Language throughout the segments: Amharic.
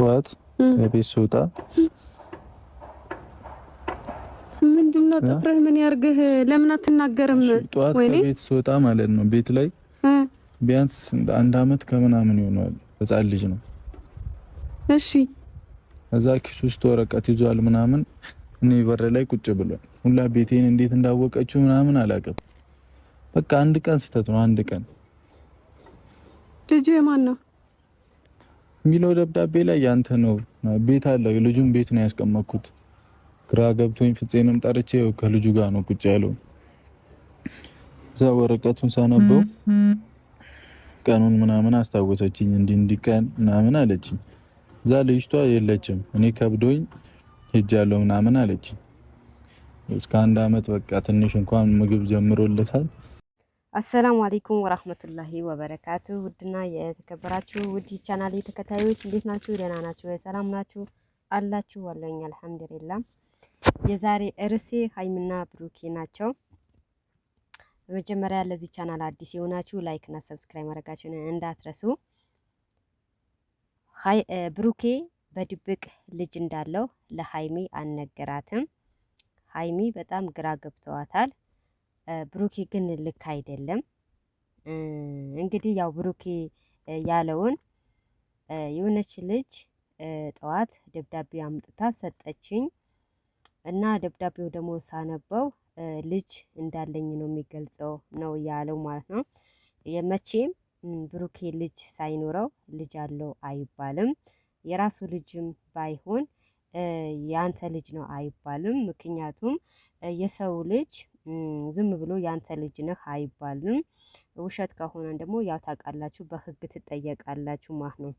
ጠዋት ከቤት ስወጣ ምንድነው ጥፍርህ ምን ያርግህ? ለምን አትናገርም? ጠዋት ከቤት ስወጣ ማለት ነው ቤት ላይ ቢያንስ አንድ አመት ከምናምን ይሆናል ህፃን ልጅ ነው። እሺ እዛ ኪሱ ውስጥ ወረቀት ይዟል ምናምን እኔ በር ላይ ቁጭ ብሏል። ሁላ ቤቴን እንዴት እንዳወቀችው ምናምን አላውቅም። በቃ አንድ ቀን ስህተት ነው። አንድ ቀን ልጁ የማን ነው? የሚለው ደብዳቤ ላይ ያንተ ነው። ቤት አለ፣ ልጁን ቤት ነው ያስቀመጥኩት። ግራ ገብቶኝ ፍፄንም ጠርቼ ከልጁ ጋር ነው ቁጭ ያለው። እዛ ወረቀቱን ሳነበው ቀኑን ምናምን አስታወሰችኝ። እንዲህ እንዲህ ቀን ምናምን አለችኝ። እዛ ልጅቷ የለችም፣ እኔ ከብዶኝ ሄጃለሁ ምናምን አለችኝ። እስከ አንድ አመት በቃ ትንሽ እንኳን ምግብ ጀምሮልታል አሰላሙ አሌይኩም ወራህመቱላሂ ወበረካቱ። ውድና የተከበራችሁ ውድ ቻናል ተከታዮች እንዴት ናችሁ? ደህና ናችሁ? ሰላም ናችሁ አላችሁ? አለኝ አልሐምዱሊላ። የዛሬ እርሴ ሀይሚና ብሩኬ ናቸው። በመጀመሪያ ለዚህ ቻናል አዲስ የሆናችሁ ላይክና ሰብስክራይብ ማድረጋችሁን እንዳትረሱ። ብሩኬ በድብቅ ልጅ እንዳለው ለሀይሚ አልነገራትም። ሀይሚ በጣም ግራ ገብተዋታል። ብሩኬ ግን ልክ አይደለም። እንግዲህ ያው ብሩኬ ያለውን የሆነች ልጅ ጠዋት ደብዳቤ አምጥታ ሰጠችኝ እና ደብዳቤው ደግሞ ሳነበው ልጅ እንዳለኝ ነው የሚገልጸው ነው ያለው ማለት ነው። መቼም ብሩኬ ልጅ ሳይኖረው ልጅ አለው አይባልም። የራሱ ልጅም ባይሆን ያንተ ልጅ ነው አይባልም። ምክንያቱም የሰው ልጅ ዝም ብሎ ያንተ ልጅ ነህ አይባልም። ውሸት ከሆነ ደግሞ ያው ታውቃላችሁ በህግ ትጠየቃላችሁ ማለት ነው።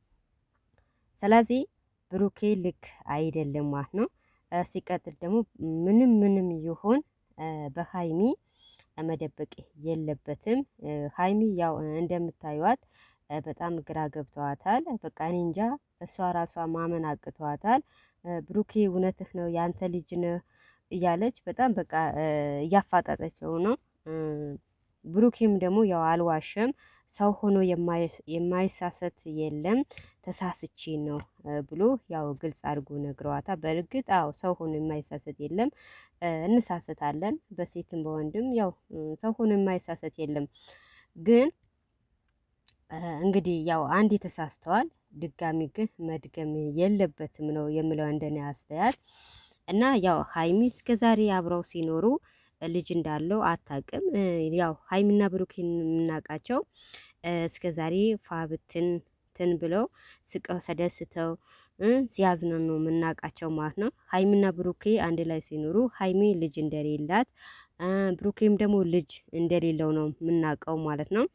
ስለዚህ ብሩኬ ልክ አይደለም ማለት ነው። ሲቀጥል ደግሞ ምንም ምንም ይሁን በሀይሚ መደበቅ የለበትም። ሀይሚ ያው እንደምታዩዋት በጣም ግራ ገብተዋታል። በቃ እኔ እንጃ እሷ ራሷ ማመን አቅተዋታል። ብሩኬ እውነትህ ነው ያንተ ልጅ ነህ እያለች በጣም በቃ እያፋጠጠችው ነው። ብሩኬም ደግሞ ያው አልዋሸም፣ ሰው ሆኖ የማይሳሰት የለም ተሳስቼ ነው ብሎ ያው ግልጽ አድርጎ ነግረዋታ። በእርግጥ አዎ ሰው ሆኖ የማይሳሰት የለም፣ እንሳሰታለን፣ በሴትም በወንድም ያው ሰው ሆኖ የማይሳሰት የለም። ግን እንግዲህ ያው አንድ ተሳስተዋል፣ ድጋሚ ግን መድገም የለበትም ነው የምለው እንደኔ አስተያየት። እና ያው ሀይሚ ዛሬ አብረው ሲኖሩ ልጅ እንዳለው አታውቅም። ያው ሀይሚና ብሩክ የምናውቃቸው ዛሬ ፋብትን ትን ብለው ስቀው ሰደስተው ሲያዝነ ነው የምናውቃቸው ማለት ነው። ሀይሚና ብሩኬ አንድ ላይ ሲኖሩ ሀይሚ ልጅ እንደሌላት፣ ብሩኬም ደግሞ ልጅ እንደሌለው ነው የምናውቀው ማለት ነው።